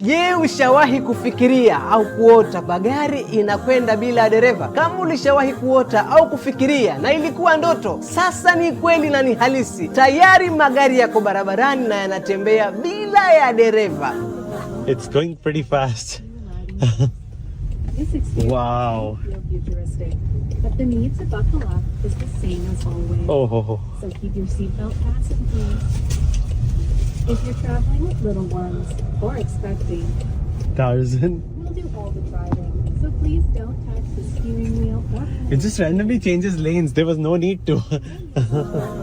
Je, ushawahi kufikiria au kuota magari inakwenda bila dereva? Kama ulishawahi kuota au kufikiria na ilikuwa ndoto, sasa ni kweli na ni halisi. Tayari magari yako barabarani na yanatembea bila ya dereva. It's going pretty fast. Wow. Oh, oh, oh. So keep your seatbelt fastened, please. If you're traveling with little ones or expecting, thousand. We'll do all the Please don't touch the steering wheel or It just randomly changes lanes. There was no need to.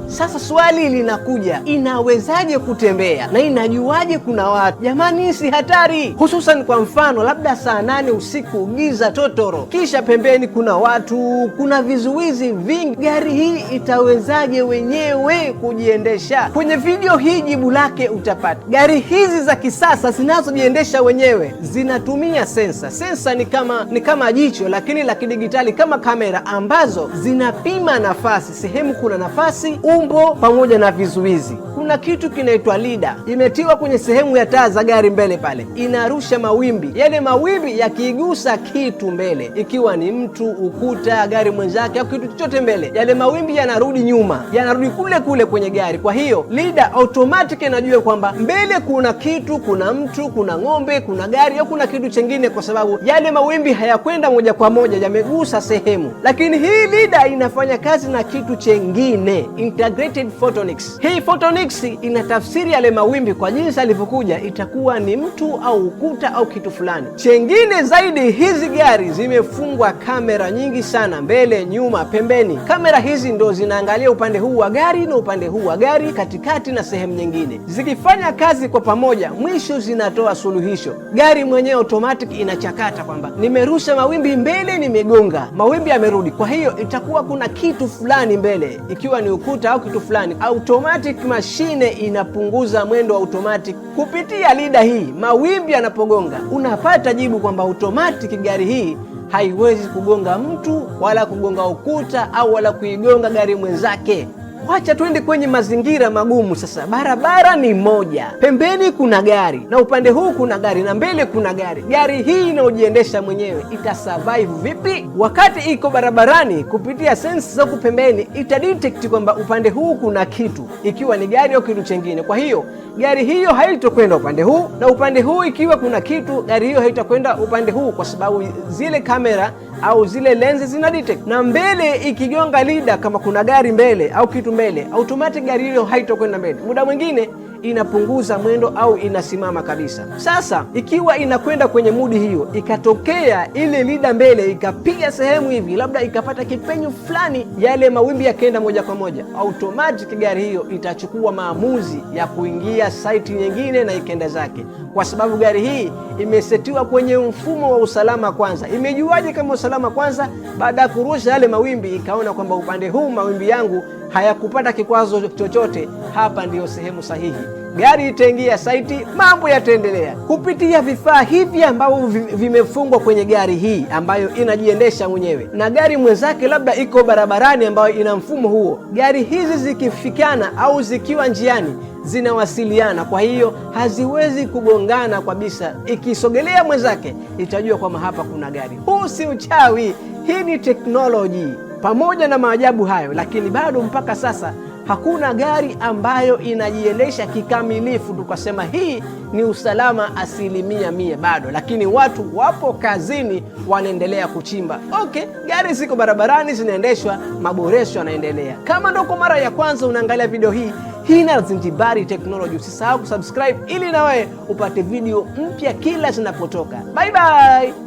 Sasa swali linakuja, inawezaje kutembea na inajuaje kuna watu? Jamani, si hatari, hususan kwa mfano labda saa nane usiku giza totoro, kisha pembeni kuna watu, kuna vizuizi vingi, gari hii itawezaje wenyewe kujiendesha? Kwenye video hii jibu lake utapata. Gari hizi za kisasa zinazojiendesha wenyewe zinatumia sensa. Sensa ni kama ni kama jicho lakini la kidigitali kama kamera ambazo zinapima nafasi. Sehemu kuna nafasi, umbo pamoja na vizuizi kuna kitu kinaitwa lida, imetiwa kwenye sehemu ya taa za gari mbele pale, inarusha mawimbi. Yale yaani mawimbi yakiigusa kitu mbele, ikiwa ni mtu, ukuta, gari mwenzake au kitu chochote mbele, yale yaani mawimbi yanarudi nyuma, yanarudi kule kule kwenye gari. Kwa hiyo lida automatic inajua kwamba mbele kuna kitu, kuna mtu, kuna ng'ombe, kuna gari au kuna kitu chengine, kwa sababu yale yaani mawimbi hayakwenda moja kwa moja, yamegusa sehemu. Lakini hii lida inafanya kazi na kitu chengine, integrated photonics. Hii photonics ina inatafsiri yale mawimbi kwa jinsi alivyokuja, itakuwa ni mtu au ukuta au kitu fulani chengine. Zaidi, hizi gari zimefungwa kamera nyingi sana, mbele, nyuma, pembeni. Kamera hizi ndo zinaangalia upande huu wa gari na upande huu wa gari, katikati na sehemu nyingine. Zikifanya kazi kwa pamoja, mwisho zinatoa suluhisho. Gari mwenyewe automatic inachakata kwamba nimerusha mawimbi mbele, nimegonga mawimbi yamerudi, kwa hiyo itakuwa kuna kitu fulani mbele, ikiwa ni ukuta au kitu fulani automatic machine mashine inapunguza mwendo wa automatic kupitia lida hii. Mawimbi yanapogonga, unapata jibu kwamba automatic gari hii haiwezi kugonga mtu wala kugonga ukuta au wala kuigonga gari mwenzake. Wacha twende kwenye mazingira magumu sasa. Barabara ni moja, pembeni kuna gari na upande huu kuna gari na mbele kuna gari. Gari hii inayojiendesha mwenyewe itasurvive vipi wakati iko barabarani? Kupitia sensi za kupembeni itadetect kwamba upande huu kuna kitu, ikiwa ni gari au kitu chengine. Kwa hiyo gari hiyo haitokwenda upande huu, na upande huu ikiwa kuna kitu, gari hiyo haitakwenda upande huu, kwa sababu zile kamera au zile lenzi zina detect. Na mbele ikigonga lida, kama kuna gari mbele au kitu kitu mbele, automatic gari hilo haitokwenda mbele. Muda mwingine inapunguza mwendo au inasimama kabisa. Sasa ikiwa inakwenda kwenye mudi hiyo, ikatokea ile lida mbele ikapiga sehemu hivi, labda ikapata kipenyu fulani, yale mawimbi yakaenda moja kwa moja, automatic gari hiyo itachukua maamuzi ya kuingia saiti nyingine na ikenda zake, kwa sababu gari hii imesetiwa kwenye mfumo wa usalama kwanza. Imejuaje kama usalama kwanza? Baada ya kurusha yale mawimbi, ikaona kwamba upande huu mawimbi yangu hayakupata kikwazo chochote hapa ndiyo sehemu sahihi. Gari itaingia saiti, mambo yataendelea kupitia vifaa hivi ambavyo vimefungwa kwenye gari hii ambayo inajiendesha mwenyewe, na gari mwenzake labda iko barabarani ambayo ina mfumo huo. Gari hizi zikifikana au zikiwa njiani zinawasiliana kwa hiyo haziwezi kugongana kabisa. Ikisogelea mwenzake itajua kwamba hapa kuna gari. Huu si uchawi, hii ni teknoloji. Pamoja na maajabu hayo, lakini bado mpaka sasa Hakuna gari ambayo inajiendesha kikamilifu tukasema hii ni usalama asilimia mia, bado. Lakini watu wapo kazini, wanaendelea kuchimba. Okay, gari ziko barabarani, zinaendeshwa, maboresho yanaendelea. Kama ndo kwa mara ya kwanza unaangalia video hii, hii na Alzenjbary Technology, usisahau kusubscribe ili na wewe upate video mpya kila zinapotoka. Bye bye.